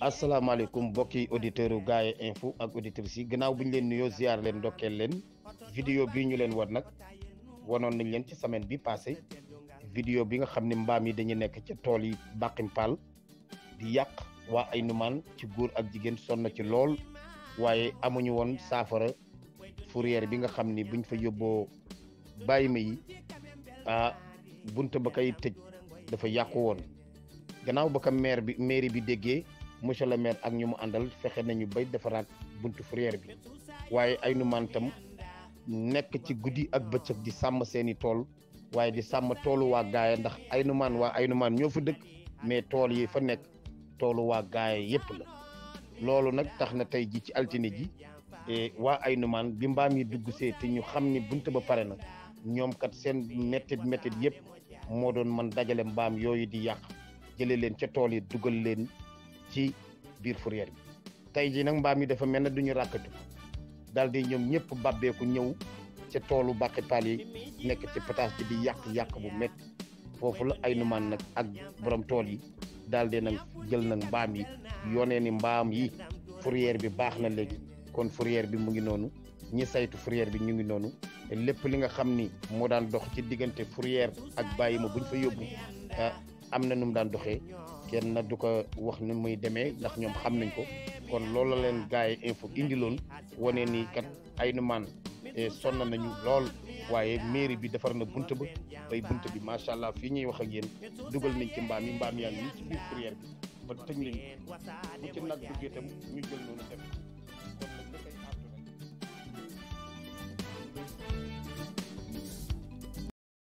asalaamaaleykum mbokki auditeurs yu Gaya Info ak auditrices yi gannaaw bu ñu leen nuyoo ziar leen ndokkeel leen vidéo bii ñu leen war nag wanoon nañ leen ci semaine bi passé vidéo bi nga xam ne mbaam yi dañu nekk ca tool yi bàqim paal di yàq waa ay numaan ci guur ak jigéen sonn ci lool waaye amuñu woon saafara fourrière bi nga xam ni buñ fa yóbboo bàyyi ma ah bunte ba kay tëj dafa yàqu woon gannaaw ba ka maire bi mairie bi déggee monsieur le maire ak ñu mu àndal fexe nañu bay defaraat buntu fourrière bi waaye ay nu nekk ci guddi ak bëccëg di sàmm seeni tool waaye di sàmm toolu waa gaaya ndax ay nu waa ay nu ñoo fa dëkk mais tool yi fa nekk toolu waa gaaya yépp la loolu nag tax na tey ji ci altine ji e, waa ay nu bi mbaam yi dugg see te ñu xam ni bunt ba pare na ñoom kat seen mettit méttit yépp moo doon man dajale mbaam yooyu di yàq jële leen ca tool yi dugal leen ci biir fourrière bi tey jii nag mbaam yi dafa mel ne du ñu ràkkatu daal di ñoom ñëpp babbeeku ñëw ca toolu bàqi paal yi nekk ci pataas bi di yàq-yàq bu métti foofu la ay numaan nag ak borom tool yi daal di nag jël nag mbaam yi yonee ni mbaam yi fourrière bi baax na léegi kon fourrière bi mu ngi noonu ñi saytu fourrière bi ñu ngi noonu lépp li nga xam ni moo daan dox ci diggante fourrière ak bàyyi ma buñ fa yóbbu ah, am na nu mu daan doxee kenn du ko wax ni muy demee ndax ñoom xam nañ ko kon lool la leen gaa yi info indiloon wane ni kat Ainoumane eh, sonn nañu lool waaye mairie bi defar na bunt ba bay bunt bi macha allah fi ñuy wax ak yéen dugal nañ ci mbaam yi yaa ngi ci biir fourrière bi ba tëj leen bu ci nag duggee tam ñu jël noonu dem.